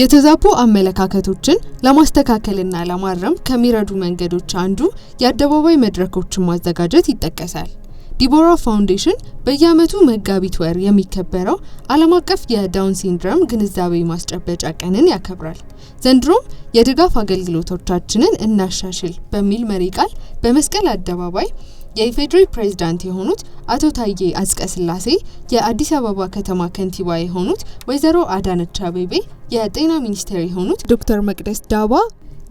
የተዛቡ አመለካከቶችን ለማስተካከልና ለማረም ከሚረዱ መንገዶች አንዱ የአደባባይ መድረኮችን ማዘጋጀት ይጠቀሳል። ዲቦራ ፋውንዴሽን በየዓመቱ መጋቢት ወር የሚከበረው ዓለም አቀፍ የዳውን ሲንድረም ግንዛቤ ማስጨበጫ ቀንን ያከብራል። ዘንድሮም የድጋፍ አገልግሎቶቻችንን እናሻሽል በሚል መሪ ቃል በመስቀል አደባባይ የኢፌዴሪ ፕሬዝዳንት የሆኑት አቶ ታዬ አጽቀ ስላሴ የአዲስ አበባ ከተማ ከንቲባ የሆኑት ወይዘሮ አዳነች አቤቤ፣ የጤና ሚኒስቴር የሆኑት ዶክተር መቅደስ ዳባ፣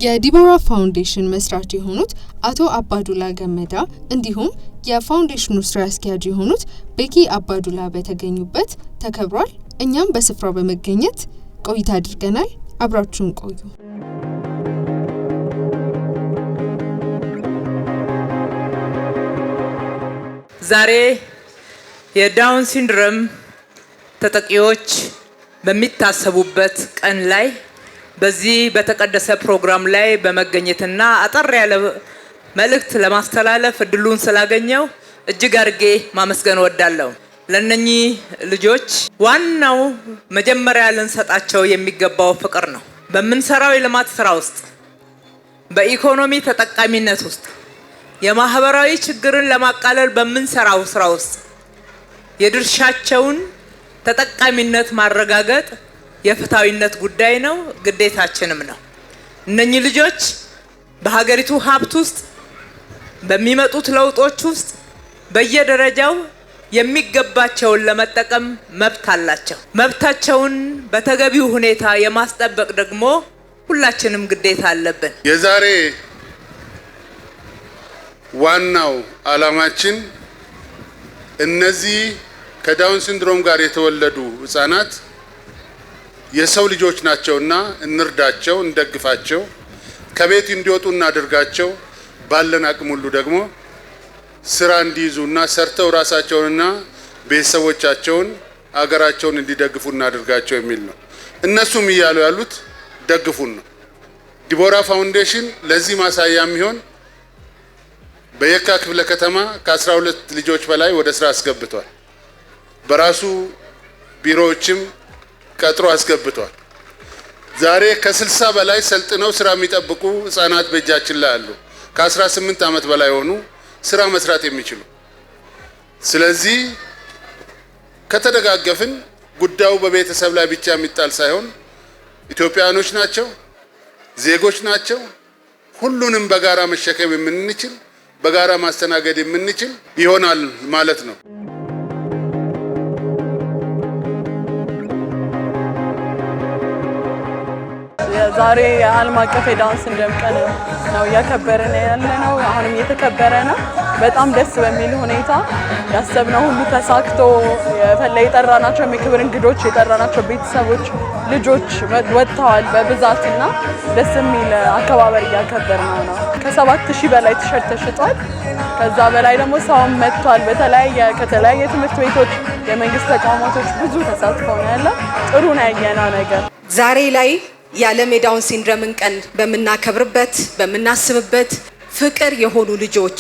የዲቦራ ፋውንዴሽን መስራች የሆኑት አቶ አባዱላ ገመዳ እንዲሁም የፋውንዴሽኑ ስራ አስኪያጅ የሆኑት ቤኪ አባዱላ በተገኙበት ተከብሯል። እኛም በስፍራው በመገኘት ቆይታ አድርገናል። አብራችሁን ቆዩ። ዛሬ የዳውን ሲንድሮም ተጠቂዎች በሚታሰቡበት ቀን ላይ በዚህ በተቀደሰ ፕሮግራም ላይ በመገኘትና አጠር ያለ መልእክት ለማስተላለፍ እድሉን ስላገኘው እጅግ አድርጌ ማመስገን እወዳለሁ። ለእነኚህ ልጆች ዋናው መጀመሪያ ልንሰጣቸው የሚገባው ፍቅር ነው። በምንሰራው የልማት ስራ ውስጥ፣ በኢኮኖሚ ተጠቃሚነት ውስጥ የማህበራዊ ችግርን ለማቃለል በምንሰራው ስራ ውስጥ የድርሻቸውን ተጠቃሚነት ማረጋገጥ የፍትሐዊነት ጉዳይ ነው፣ ግዴታችንም ነው። እነኚህ ልጆች በሀገሪቱ ሀብት ውስጥ በሚመጡት ለውጦች ውስጥ በየደረጃው የሚገባቸውን ለመጠቀም መብት አላቸው። መብታቸውን በተገቢው ሁኔታ የማስጠበቅ ደግሞ ሁላችንም ግዴታ አለብን። የዛሬ ዋናው አላማችን እነዚህ ከዳውን ሲንድሮም ጋር የተወለዱ ህጻናት የሰው ልጆች ናቸውና እንርዳቸው፣ እንደግፋቸው፣ ከቤት እንዲወጡ እናደርጋቸው፣ ባለን አቅም ሁሉ ደግሞ ስራ እንዲይዙና ሰርተው ራሳቸውንና ቤተሰቦቻቸውን አገራቸውን እንዲደግፉ እናደርጋቸው የሚል ነው። እነሱም እያሉ ያሉት ደግፉን ነው። ዲቦራ ፋውንዴሽን ለዚህ ማሳያ የሚሆን በየካ ክፍለ ከተማ ከ12 ልጆች በላይ ወደ ስራ አስገብቷል። በራሱ ቢሮዎችም ቀጥሮ አስገብቷል። ዛሬ ከ60 በላይ ሰልጥነው ስራ የሚጠብቁ ህጻናት በእጃችን ላይ አሉ። ከ18 ዓመት በላይ የሆኑ ስራ መስራት የሚችሉ ስለዚህ ከተደጋገፍን ጉዳዩ በቤተሰብ ላይ ብቻ የሚጣል ሳይሆን ኢትዮጵያኖች ናቸው፣ ዜጎች ናቸው። ሁሉንም በጋራ መሸከም የምንችል በጋራ ማስተናገድ የምንችል ይሆናል ማለት ነው። ዛሬ የዓለም አቀፍ ዳንስ ሲንድሮም ነው እያከበረ ነው ያለ ነው። አሁንም እየተከበረ ነው። በጣም ደስ በሚል ሁኔታ ያሰብነው ሁሉ ተሳክቶ የጠራናቸው የክብር እንግዶች የጠራናቸው ቤተሰቦች፣ ልጆች ወጥተዋል በብዛት እና ደስ የሚል አከባበር እያከበርነው ነው። ከሰባት ሺህ በላይ ቲሸርት ተሽጧል። ከዛ በላይ ደግሞ ሰውም መጥቷል። በተለያየ ከተለያየ ትምህርት ቤቶች፣ የመንግስት ተቋማቶች ብዙ ተሳትፎ ነው ያለው። ጥሩ ነው ያየነው ነገር ዛሬ ላይ የዓለም የዳውን ሲንድረምን ቀን በምናከብርበት በምናስብበት ፍቅር የሆኑ ልጆች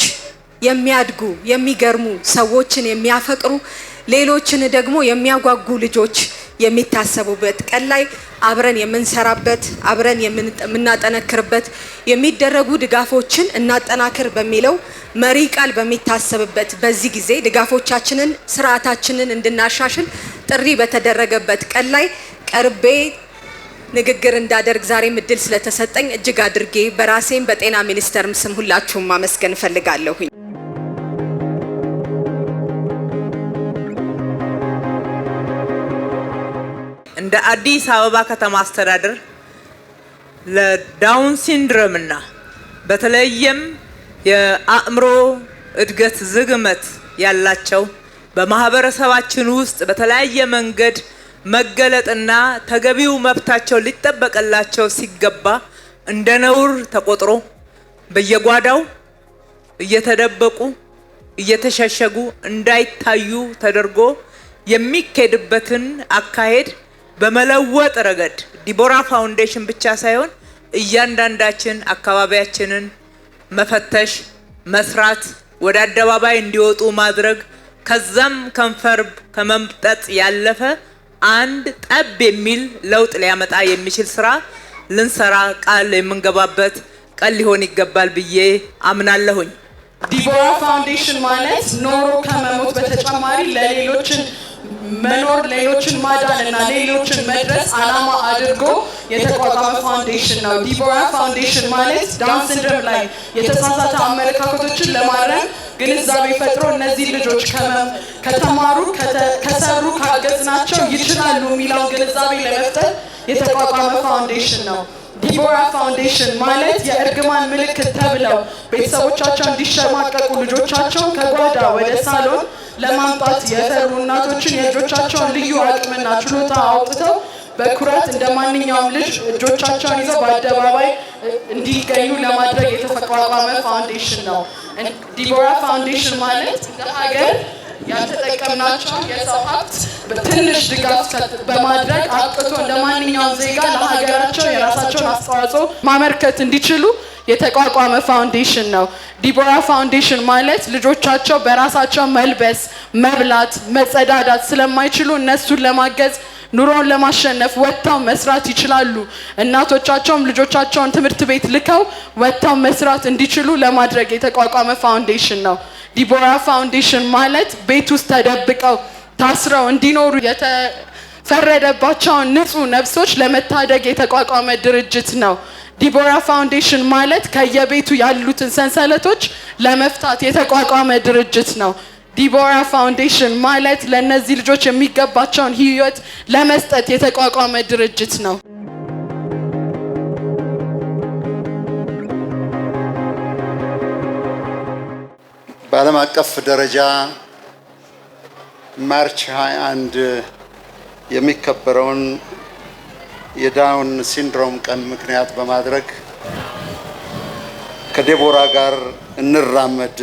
የሚያድጉ የሚገርሙ ሰዎችን የሚያፈቅሩ ሌሎችን ደግሞ የሚያጓጉ ልጆች የሚታሰቡበት ቀን ላይ አብረን የምንሰራበት አብረን የምናጠነክርበት የሚደረጉ ድጋፎችን እናጠናክር በሚለው መሪ ቃል በሚታሰብበት በዚህ ጊዜ ድጋፎቻችንን፣ ስርዓታችንን እንድናሻሽል ጥሪ በተደረገበት ቀን ላይ ቀርቤ ንግግር እንዳደርግ ዛሬም እድል ስለተሰጠኝ እጅግ አድርጌ በራሴም በጤና ሚኒስቴርም ስም ሁላችሁም ማመስገን እፈልጋለሁኝ። እንደ አዲስ አበባ ከተማ አስተዳደር ለዳውን ሲንድሮም እና በተለየም የአእምሮ እድገት ዝግመት ያላቸው በማህበረሰባችን ውስጥ በተለያየ መንገድ መገለጥና ተገቢው መብታቸው ሊጠበቅላቸው ሲገባ እንደ ነውር ተቆጥሮ በየጓዳው እየተደበቁ እየተሸሸጉ እንዳይታዩ ተደርጎ የሚካሄድበትን አካሄድ በመለወጥ ረገድ ዲቦራ ፋውንዴሽን ብቻ ሳይሆን እያንዳንዳችን አካባቢያችንን መፈተሽ፣ መስራት፣ ወደ አደባባይ እንዲወጡ ማድረግ ከዛም ከንፈር ከመምጠጥ ያለፈ አንድ ጠብ የሚል ለውጥ ሊያመጣ የሚችል ስራ ልንሰራ ቃል የምንገባበት ቀን ሊሆን ይገባል ብዬ አምናለሁኝ። ዲቦራ ፋውንዴሽን ማለት ኖሮ ከመሞት በተጨማሪ ለሌሎችን መኖር ሌሎችን ማዳን እና ሌሎችን መድረስ አላማ አድርጎ የተቋቋመ ፋውንዴሽን ነው። ዲቦራ ፋውንዴሽን ማለት ዳውን ሲንድሮም ላይ የተሳሳተ አመለካከቶችን ለማረም ግንዛቤ ፈጥሮ እነዚህ ልጆች ከተማሩ፣ ከሰሩ፣ ካገዝናቸው ይችላሉ የሚለውን ግንዛቤ ለመፍጠር የተቋቋመ ፋውንዴሽን ነው። ዲቦራ ፋውንዴሽን ማለት የእርግማን ምልክት ተብለው ቤተሰቦቻቸው እንዲሸማቀቁ ልጆቻቸው ከጓዳ ወደ ሳሎን ለማምጣት የፈሩ እናቶችን የልጆቻቸውን ልዩ አቅምና ችሎታ አውጥተው በኩራት እንደ ማንኛውም ልጅ እጆቻቸውን ይዘው በአደባባይ እንዲገኙ ለማድረግ የተቋቋመ ፋውንዴሽን ነው። ዲቦራ ፋውንዴሽን ማለት ለሀገር ሀገር ያልተጠቀምናቸው የሰው ሀብት በትንሽ ድጋፍ በማድረግ አቅቶ እንደ ማንኛውም ዜጋ ለሀገራቸው የራሳቸውን አስተዋጽኦ ማመርከት እንዲችሉ የተቋቋመ ፋውንዴሽን ነው። ዲቦራ ፋውንዴሽን ማለት ልጆቻቸው በራሳቸው መልበስ፣ መብላት፣ መጸዳዳት ስለማይችሉ እነሱን ለማገዝ ኑሮን ለማሸነፍ ወጥተው መስራት ይችላሉ። እናቶቻቸውም ልጆቻቸውን ትምህርት ቤት ልከው ወጥተው መስራት እንዲችሉ ለማድረግ የተቋቋመ ፋውንዴሽን ነው። ዲቦራ ፋውንዴሽን ማለት ቤት ውስጥ ተደብቀው ታስረው እንዲኖሩ የተፈረደባቸውን ንጹህ ነፍሶች ለመታደግ የተቋቋመ ድርጅት ነው። ዲቦራ ፋውንዴሽን ማለት ከየቤቱ ያሉትን ሰንሰለቶች ለመፍታት የተቋቋመ ድርጅት ነው። ዲቦራ ፋውንዴሽን ማለት ለእነዚህ ልጆች የሚገባቸውን ሕይወት ለመስጠት የተቋቋመ ድርጅት ነው። በዓለም አቀፍ ደረጃ ማርች 21 የሚከበረውን የዳውን ሲንድሮም ቀን ምክንያት በማድረግ ከዴቦራ ጋር እንራመድ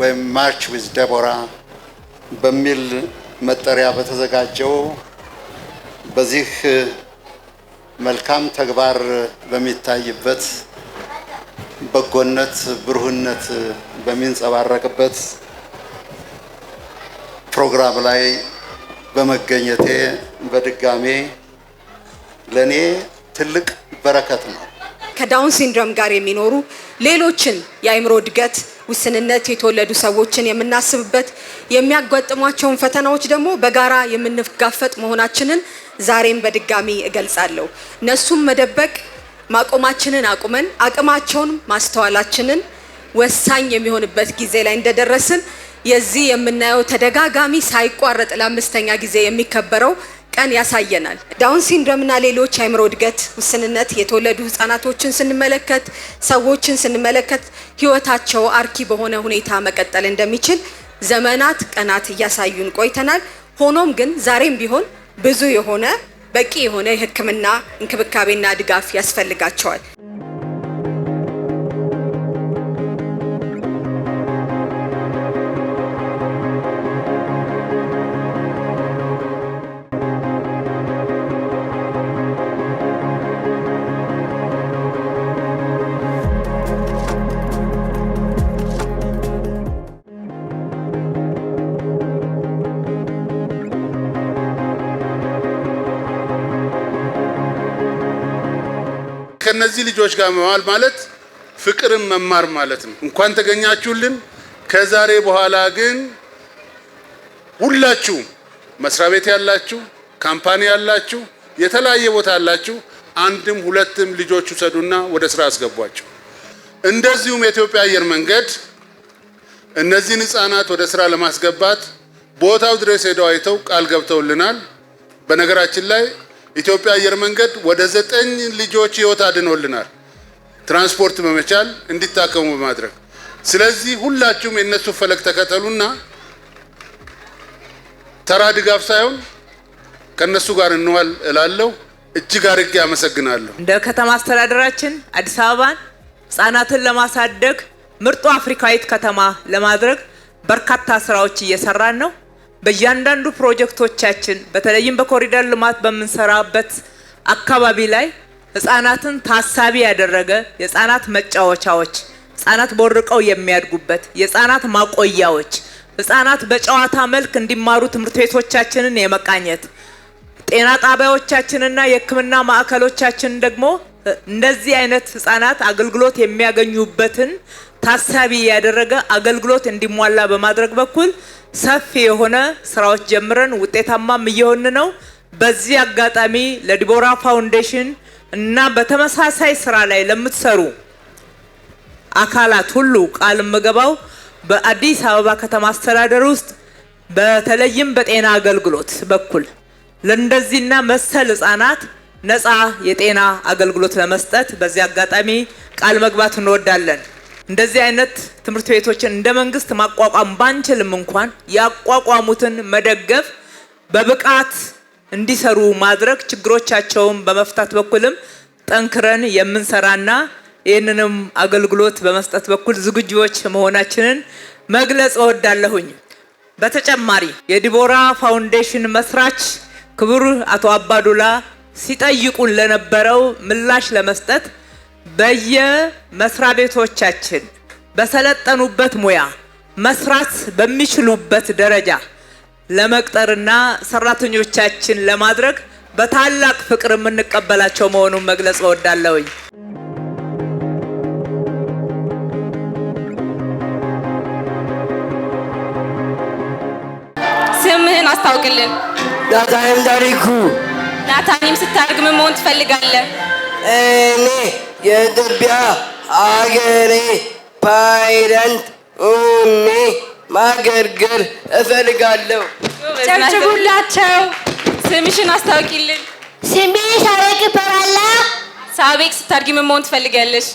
ወይም ማርች ዊዝ ዴቦራ በሚል መጠሪያ በተዘጋጀው በዚህ መልካም ተግባር በሚታይበት በጎነት፣ ብሩህነት በሚንጸባረቅበት ፕሮግራም ላይ በመገኘቴ በድጋሜ ለእኔ ትልቅ በረከት ነው። ከዳውን ሲንድሮም ጋር የሚኖሩ ሌሎችን የአእምሮ እድገት ውስንነት የተወለዱ ሰዎችን የምናስብበት የሚያጓጥሟቸውን ፈተናዎች ደግሞ በጋራ የምንጋፈጥ መሆናችንን ዛሬም በድጋሚ እገልጻለሁ። እነሱም መደበቅ ማቆማችንን አቁመን አቅማቸውን ማስተዋላችንን ወሳኝ የሚሆንበት ጊዜ ላይ እንደደረስን የዚህ የምናየው ተደጋጋሚ ሳይቋረጥ ለአምስተኛ ጊዜ የሚከበረው ቀን ያሳየናል። ዳውን ሲንድረምና ሌሎች አይምሮ እድገት ውስንነት የተወለዱ ህጻናቶችን ስንመለከት፣ ሰዎችን ስንመለከት ህይወታቸው አርኪ በሆነ ሁኔታ መቀጠል እንደሚችል ዘመናት ቀናት እያሳዩን ቆይተናል። ሆኖም ግን ዛሬም ቢሆን ብዙ የሆነ በቂ የሆነ የህክምና እንክብካቤና ድጋፍ ያስፈልጋቸዋል። ከነዚህ ልጆች ጋር መዋል ማለት ፍቅርን መማር ማለት ነው። እንኳን ተገኛችሁልን። ከዛሬ በኋላ ግን ሁላችሁ መስሪያ ቤት ያላችሁ፣ ካምፓኒ ያላችሁ፣ የተለያየ ቦታ ያላችሁ አንድም ሁለትም ልጆች ውሰዱና ወደ ስራ አስገቧቸው። እንደዚሁም የኢትዮጵያ አየር መንገድ እነዚህን ህጻናት ወደ ስራ ለማስገባት ቦታው ድረስ ሄደው አይተው ቃል ገብተውልናል። በነገራችን ላይ ኢትዮጵያ አየር መንገድ ወደ ዘጠኝ ልጆች ህይወት አድኖልናል፣ ትራንስፖርት በመቻል እንዲታከሙ በማድረግ ስለዚህ ሁላችሁም የእነሱ ፈለግ ተከተሉና ተራ ድጋፍ ሳይሆን ከእነሱ ጋር እንዋል እላለሁ። እጅግ አድርጌ አመሰግናለሁ። እንደ ከተማ አስተዳደራችን አዲስ አበባን ህጻናትን ለማሳደግ ምርጡ አፍሪካዊት ከተማ ለማድረግ በርካታ ስራዎች እየሰራን ነው። በእያንዳንዱ ፕሮጀክቶቻችን በተለይም በኮሪደር ልማት በምንሰራበት አካባቢ ላይ ህጻናትን ታሳቢ ያደረገ የህጻናት መጫወቻዎች፣ ህጻናት ቦርቀው የሚያድጉበት የህጻናት ማቆያዎች፣ ህጻናት በጨዋታ መልክ እንዲማሩ ትምህርት ቤቶቻችንን የመቃኘት ጤና ጣቢያዎቻችንና የህክምና ማዕከሎቻችን ደግሞ እንደዚህ አይነት ህጻናት አገልግሎት የሚያገኙበትን ታሳቢ ያደረገ አገልግሎት እንዲሟላ በማድረግ በኩል ሰፊ የሆነ ስራዎች ጀምረን ውጤታማም እየሆን ነው። በዚህ አጋጣሚ ለዲቦራ ፋውንዴሽን እና በተመሳሳይ ስራ ላይ ለምትሰሩ አካላት ሁሉ ቃል ምገባው በአዲስ አበባ ከተማ አስተዳደር ውስጥ በተለይም በጤና አገልግሎት በኩል ለእንደዚህና መሰል ህጻናት ነፃ የጤና አገልግሎት ለመስጠት በዚህ አጋጣሚ ቃል መግባት እንወዳለን። እንደዚህ አይነት ትምህርት ቤቶችን እንደ መንግስት ማቋቋም ባንችልም እንኳን ያቋቋሙትን መደገፍ፣ በብቃት እንዲሰሩ ማድረግ፣ ችግሮቻቸውን በመፍታት በኩልም ጠንክረን የምንሰራና ይህንንም አገልግሎት በመስጠት በኩል ዝግጅዎች መሆናችንን መግለጽ እወዳለሁኝ። በተጨማሪ የዲቦራ ፋውንዴሽን መስራች ክቡር አቶ አባዱላ ሲጠይቁን ለነበረው ምላሽ ለመስጠት በየመስሪያ ቤቶቻችን በሰለጠኑበት ሙያ መስራት በሚችሉበት ደረጃ ለመቅጠርና ሰራተኞቻችን ለማድረግ በታላቅ ፍቅር የምንቀበላቸው መሆኑን መግለጽ እወዳለሁኝ። ስምህን አስታውቅልን። ዳታይል ታሪኩ ናታኒም ስታድግ ምን መሆን ትፈልጋለህ? እኔ የኢትዮጵያ አገሬ ፓይረንት ሆኜ ማገልገል እፈልጋለሁ። ጨብጭቡላቸው። ስምሽን አስታውቂልን። ስሜ ሳቤቅ እባላለሁ። ሳቤቅ ስታድጊ መሆን ትፈልጋለሽ?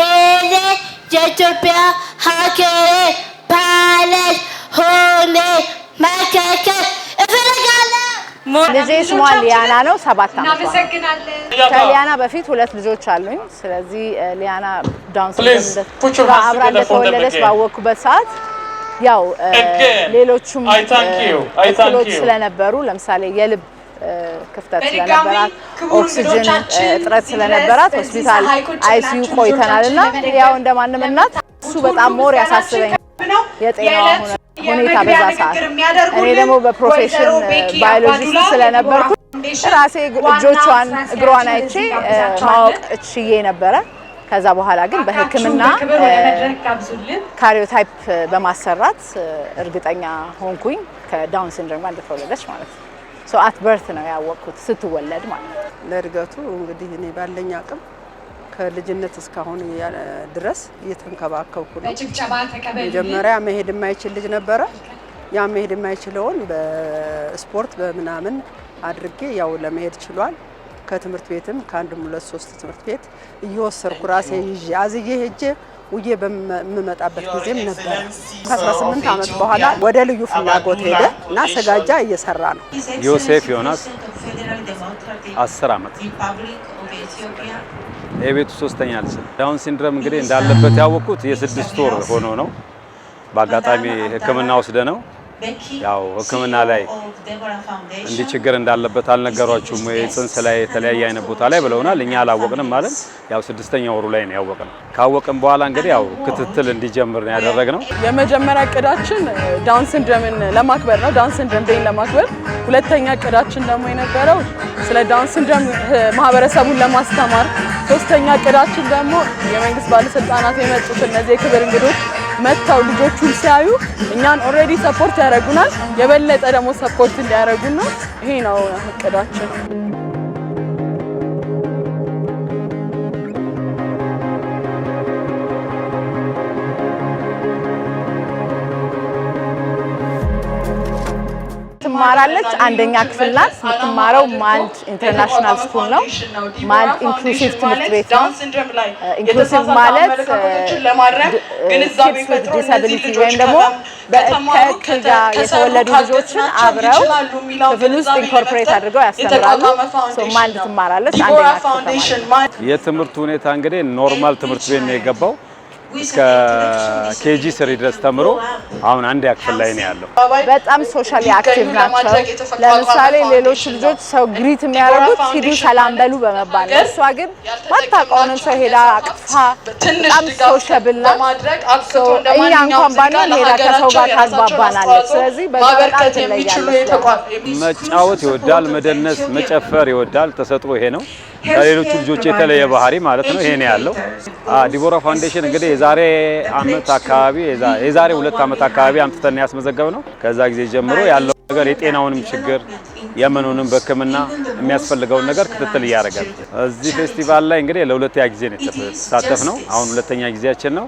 እኔ የኢትዮጵያ ሀገሬ ፓይለት ሆኔ መከከል እፈልጋለሁ። ልጄ ስሟ ሊያና ነው። ሰባት ዓመቷ ከሊያና በፊት ሁለት ልጆች አሉኝ። ስለዚህ ሊያና ዳውን ሲንድሮም አብራ እንደተወለደች ባወቅኩበት ሰዓት ያው ሌሎቹም እክሎች ስለነበሩ ለምሳሌ የልብ ክፍተት ስለነበራት ኦክሲጅን እጥረት ስለነበራት ሆስፒታል አይሲዩ ቆይተናል እና ያው እንደማንም እናት እሱ በጣም ሞር ያሳስበኝ የጤና ሁኔታ ሁኔታ በዛ ሰዓት እኔ ደግሞ በፕሮፌሽን ባዮሎጂስት ስለነበርኩ ራሴ እጆቿን እግሯን አይቼ ማወቅ ችዬ ነበረ። ከዛ በኋላ ግን በሕክምና ካሪዮታይፕ በማሰራት እርግጠኛ ሆንኩኝ ከዳውን ሲንድሮም ጋር እንደተወለደች ማለት ነው። ሶ አት በርት ነው ያወቅኩት ስትወለድ ማለት ነው። ለእድገቱ እንግዲህ እኔ ባለኝ አቅም ከልጅነት እስካሁን ድረስ እየተንከባከብኩ ነው። መጀመሪያ መሄድ የማይችል ልጅ ነበረ። ያ መሄድ የማይችለውን በስፖርት በምናምን አድርጌ ያው ለመሄድ ችሏል። ከትምህርት ቤትም ከአንድ ሁለት ሶስት ትምህርት ቤት እየወሰድኩ ራሴ ይዤ አዝዬ ሄጄ ውዬ በምመጣበት ጊዜም ነበረ። ከ18 ዓመት በኋላ ወደ ልዩ ፍላጎት ሄደ እና ስጋጃ እየሰራ ነው። ዮሴፍ ዮናስ 10 ዓመት የቤቱ ሶስተኛ ልጅ ዳውን ሲንድረም እንግዲህ እንዳለበት ያወቅኩት የስድስት ወር ሆኖ ነው። በአጋጣሚ ሕክምና ወስደ ነው ያው ሕክምና ላይ እንዲ ችግር እንዳለበት አልነገሯችሁም ወይ? ጽንስ ላይ የተለያየ አይነት ቦታ ላይ ብለውናል። እኛ አላወቅንም ማለት ያው ስድስተኛ ወሩ ላይ ነው ያወቅነው። ካወቅን በኋላ እንግዲህ ያው ክትትል እንዲጀምር ነው ያደረግነው። የመጀመሪያ እቅዳችን ዳውን ሲንድረምን ለማክበር ነው፣ ዳውን ሲንድረም ዴይን ለማክበር። ሁለተኛ እቅዳችን ደግሞ የነበረው ስለ ዳውን ሲንድረም ማህበረሰቡን ለማስተማር። ሶስተኛ እቅዳችን ደግሞ የመንግስት ባለስልጣናት የመጡት እነዚህ የክብር እንግዶች መጥተው ልጆቹን ሲያዩ እኛን ኦልሬዲ ሰፖርት ያደርጉናል። የበለጠ ደግሞ ሰፖርት እንዲያደርጉን ነው። ይሄ ነው እቅዳችን። ትማራለች። አንደኛ ክፍል ናት። የምትማረው ማንድ ኢንተርናሽናል ስኩል ነው። ማንድ ኢንክሉሲቭ ትምህርት ቤት ነው። ኢንክሉሲቭ ማለት ኪድስ ዊዝ ወይም ደግሞ ከእክል ጋር የተወለዱ ልጆችን አብረው ክፍል ውስጥ ኢንኮርፖሬት አድርገው ያስተምራሉ። ማንድ ትማራለች አንደኛ ክፍል። የትምህርት ሁኔታ እንግዲህ ኖርማል ትምህርት ቤት ነው የገባው እስከ ኬጂ ስሪ ድረስ ተምሮ አሁን አንድ ያክፍል ላይ ነው ያለው። በጣም ሶሻሊ አክቲቭ ናቸው። ለምሳሌ ሌሎች ልጆች ሰው ግሪት የሚያደርጉት ሂዱ ሰላም በሉ በመባል ነው። እሷ ግን ማታውቀውንም ሰው ሄዳ አቅፋ በጣም ሶሻብል ናት። እኛ እንኳን ባንሆን ሄዳ ከሰው ጋር ታግባባናለች። ስለዚህ በጣም ትለያለች። መጫወት ይወዳል፣ መደነስ መጨፈር ይወዳል። ተሰጥሮ ይሄ ነው። ከሌሎቹ ልጆች የተለየ ባህሪ ማለት ነው። ይሄን ያለው ዲቦራ ፋውንዴሽን እንግዲህ የዛሬ አመት አካባቢ የዛሬ ሁለት አመት አካባቢ አምጥተን ያስመዘገብ ነው። ከዛ ጊዜ ጀምሮ ያለው ነገር የጤናውንም ችግር የምኑንም በሕክምና የሚያስፈልገውን ነገር ክትትል እያደረጋል። እዚህ ፌስቲቫል ላይ እንግዲህ ለሁለተኛ ጊዜ ነው የተሳተፍ ነው። አሁን ሁለተኛ ጊዜያችን ነው።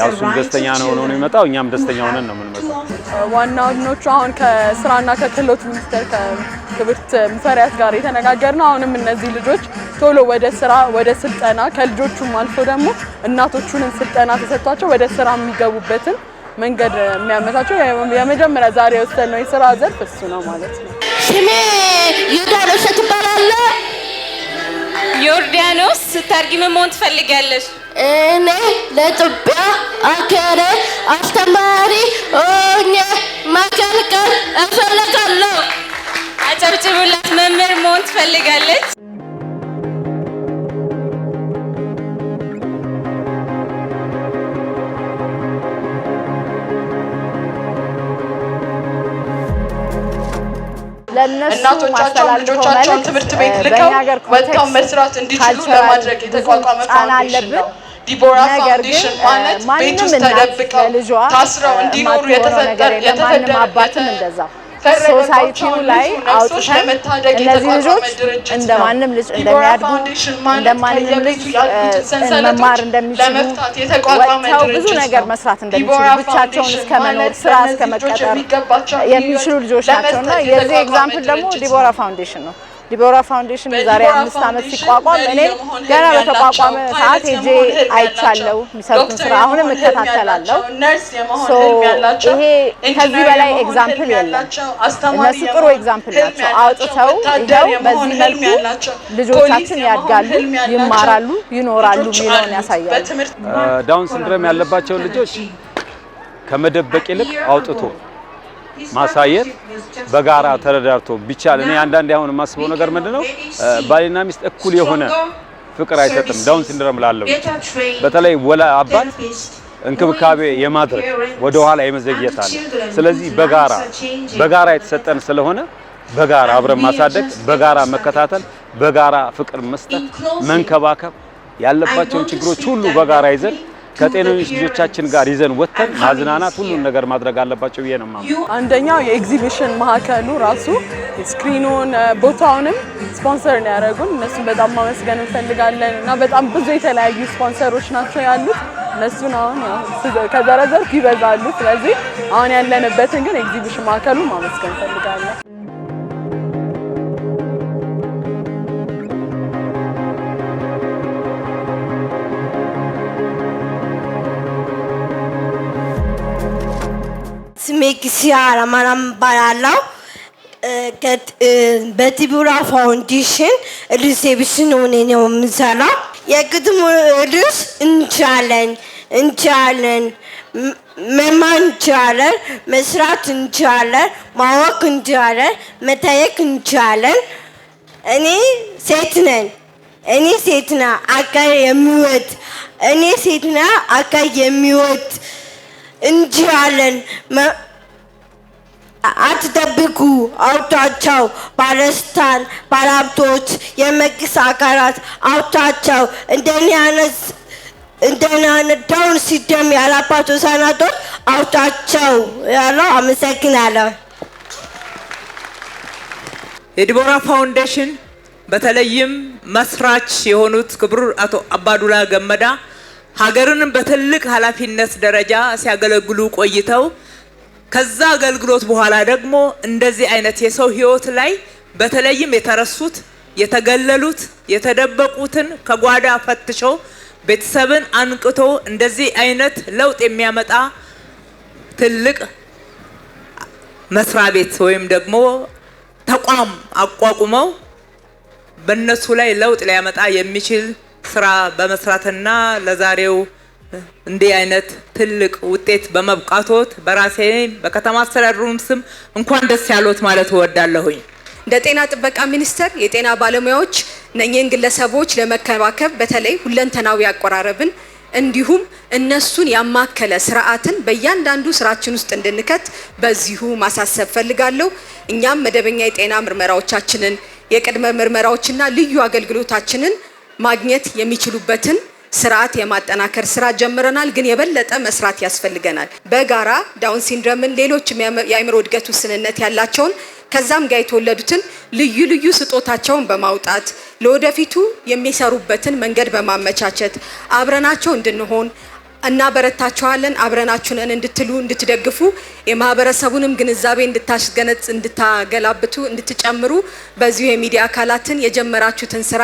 ያው እሱም ደስተኛ ነው ሆኖ ነው የሚመጣው፣ እኛም ደስተኛ ሆነን ነው የምንመጣው። ዋናዎቹ አሁን ከስራና ከክህሎት ሚኒስቴር ከክብርት ምፈሪያት ጋር የተነጋገር ነው። አሁንም እነዚህ ልጆች ቶሎ ወደ ስራ ወደ ስልጠና ከልጆቹም አልፎ ደግሞ እናቶቹንም ስልጠና ተሰጥቷቸው ወደ ስራ የሚገቡበትን መንገድ የሚያመቻቸው የመጀመሪያ ዛሬ ወሰን ነው የስራ ዘርፍ እሱ ነው ማለት ነው። ስሜ ዮርዳኖስ ትባላለ። ዮርዳኖስ ስታርጊም መሆን ትፈልጋለሽ? እኔ ለኢትዮጵያ አገሬ አስተማሪ ሆኜ ማገልገል እፈልጋለሁ። አጨብጭቡላት። መምህር መሆን ትፈልጋለች። እናቶቻቸውም ልጆቻቸውን ትምህርት ቤት ልከው ወጥተው መስራት እንዲችሉ ለማድረግ የተቋቋመ ፋውንዴሽን ነው። ዲቦራ ፋውንዴሽን ማለት ቤት ውስጥ ተደብቀው ታስረው እንዲኖሩ የተፈጠረ የተፈጠረ ሶሳይቲው ላይ አውጥተን እነዚህ ልጆች እንደ ማንም ልጅ እንደሚያድጉ እንደ ማንም ልጅ መማር እንደሚችሉ ወጥተው ብዙ ነገር መስራት እንደሚችሉ ብቻቸውን እስከ መኖር ስራ እስከ የሚችሉ ልጆች ናቸው እና የዚህ ኤግዛምፕል ደግሞ ዲቦራ ፋውንዴሽን ነው። ዲቦራ ፋውንዴሽን የዛሬ አምስት አመት ሲቋቋም እኔ ገና በተቋቋመ ሰዓት ሄጄ አይቻለው። የሚሰሩትን ስራ አሁንም እከታተላለሁ። ይሄ ከዚህ በላይ ኤግዛምፕል የለም። እነሱ ጥሩ ኤግዛምፕል ናቸው። አውጥተው ይኸው በዚህ መልኩ ልጆቻችን ያድጋሉ፣ ይማራሉ፣ ይኖራሉ የሚለውን ያሳያሉ። ዳውን ሲንድረም ያለባቸውን ልጆች ከመደበቅ ይልቅ አውጥቶ ማሳየት በጋራ ተረዳርቶ ቢቻል እኔ አንዳንዴ አሁን የማስበው ነገር ምንድነው ባልና ሚስት እኩል የሆነ ፍቅር አይሰጥም። ዳውን ሲንድረም ላለው በተለይ ወላ አባት እንክብካቤ የማድረግ ወደ ኋላ የመዘግየት አለ። ስለዚህ በጋራ በጋራ የተሰጠን ስለሆነ በጋራ አብረን ማሳደግ፣ በጋራ መከታተል፣ በጋራ ፍቅር መስጠት፣ መንከባከብ ያለባቸውን ችግሮች ሁሉ በጋራ ይዘን ከጤነኞች ልጆቻችን ጋር ይዘን ወጥተን ማዝናናት ሁሉን ነገር ማድረግ አለባቸው ብዬ ነው የማምነው። አንደኛው የኤግዚቢሽን ማዕከሉ ራሱ ስክሪኑን፣ ቦታውንም ስፖንሰር ነው ያደረጉን። እነሱን በጣም ማመስገን እንፈልጋለን እና በጣም ብዙ የተለያዩ ስፖንሰሮች ናቸው ያሉት። እነሱን አሁን ከዘረዘርኩ ይበዛሉ። ስለዚህ አሁን ያለንበትን ግን ኤግዚቢሽን ማዕከሉ ማመስገን እንፈልጋለን። ስሜ ኪሲያ አላማራም እባላለሁ። በቲቡራ ፋውንዴሽን ርዕስ የብስን ነው የምሰራው። የግጥሙ ርዕስ እንችላለን እንችላለን፣ መማር እንችላለን፣ መስራት እንችላለን፣ ማወቅ እንችላለን፣ መታየቅ እንችላለን። እኔ ሴት ነን እኔ ሴትና አካል የሚወድ እኔ ሴትና አካል የሚወድ እንዲህ አለን። አትደብቁ አውቷቸው። ባለስልጣን ባለሀብቶች፣ የመንግስት አካላት አውቷቸው። እንደናነዳውን ሲደም ያላባቸው ያለው። አመሰግናለሁ። የዲቦራ ፋውንዴሽን በተለይም መስራች የሆኑት ክቡር አቶ አባዱላ ገመዳ ሀገርን በትልቅ ኃላፊነት ደረጃ ሲያገለግሉ ቆይተው ከዛ አገልግሎት በኋላ ደግሞ እንደዚህ አይነት የሰው ህይወት ላይ በተለይም የተረሱት፣ የተገለሉት፣ የተደበቁትን ከጓዳ ፈትሾ ቤተሰብን አንቅቶ እንደዚህ አይነት ለውጥ የሚያመጣ ትልቅ መስሪያ ቤት ወይም ደግሞ ተቋም አቋቁመው በእነሱ ላይ ለውጥ ሊያመጣ የሚችል ስራ በመስራትና ለዛሬው እንዲህ አይነት ትልቅ ውጤት በመብቃቶት በራሴ በከተማ አስተዳደሩም ስም እንኳን ደስ ያሎት ማለት እወዳለሁኝ። እንደ ጤና ጥበቃ ሚኒስቴር የጤና ባለሙያዎች እነኚህን ግለሰቦች ለመከባከብ በተለይ ሁለንተናዊ አቆራረብን እንዲሁም እነሱን ያማከለ ስርዓትን በእያንዳንዱ ስራችን ውስጥ እንድንከት በዚሁ ማሳሰብ ፈልጋለሁ። እኛም መደበኛ የጤና ምርመራዎቻችንን የቅድመ ምርመራዎችና ልዩ አገልግሎታችንን ማግኘት የሚችሉበትን ስርዓት የማጠናከር ስራ ጀምረናል፣ ግን የበለጠ መስራት ያስፈልገናል። በጋራ ዳውን ሲንድረምን፣ ሌሎችም የአእምሮ እድገት ውስንነት ያላቸውን ከዛም ጋር የተወለዱትን ልዩ ልዩ ስጦታቸውን በማውጣት ለወደፊቱ የሚሰሩበትን መንገድ በማመቻቸት አብረናቸው እንድንሆን እናበረታችኋለን። አብረናችሁ ነን እንድትሉ እንድትደግፉ፣ የማህበረሰቡንም ግንዛቤ እንድታስገነጽ እንድታገላብቱ፣ እንድትጨምሩ በዚሁ የሚዲያ አካላትን የጀመራችሁትን ስራ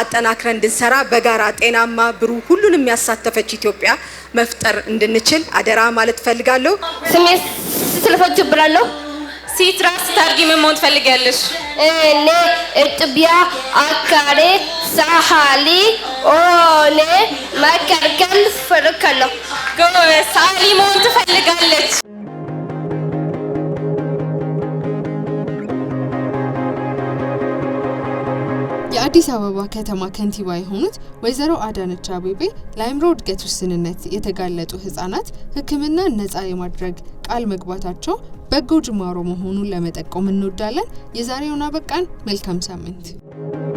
አጠናክረን እንድንሰራ በጋራ ጤናማ ብሩ ሁሉንም ያሳተፈች ኢትዮጵያ መፍጠር እንድንችል አደራ ማለት ፈልጋለሁ። ስሜ ስልፈች ብላለሁ። ሲትራስ ታርጊ ምን መሆን ትፈልጊያለሽ? እኔ እጥቢያ አካሬ ሳሃሊ ኦኔ መከርከል ፍርክ ነው። ሳሊ መሆን ትፈልጋለች። የአዲስ አበባ ከተማ ከንቲባ የሆኑት ወይዘሮ አዳነች አቤቤ ለአእምሮ እድገት ውስንነት የተጋለጡ ህጻናት ሕክምና ነጻ የማድረግ ቃል መግባታቸው በጎ ጅማሮ መሆኑን ለመጠቆም እንወዳለን። የዛሬውን አበቃን። መልካም ሳምንት።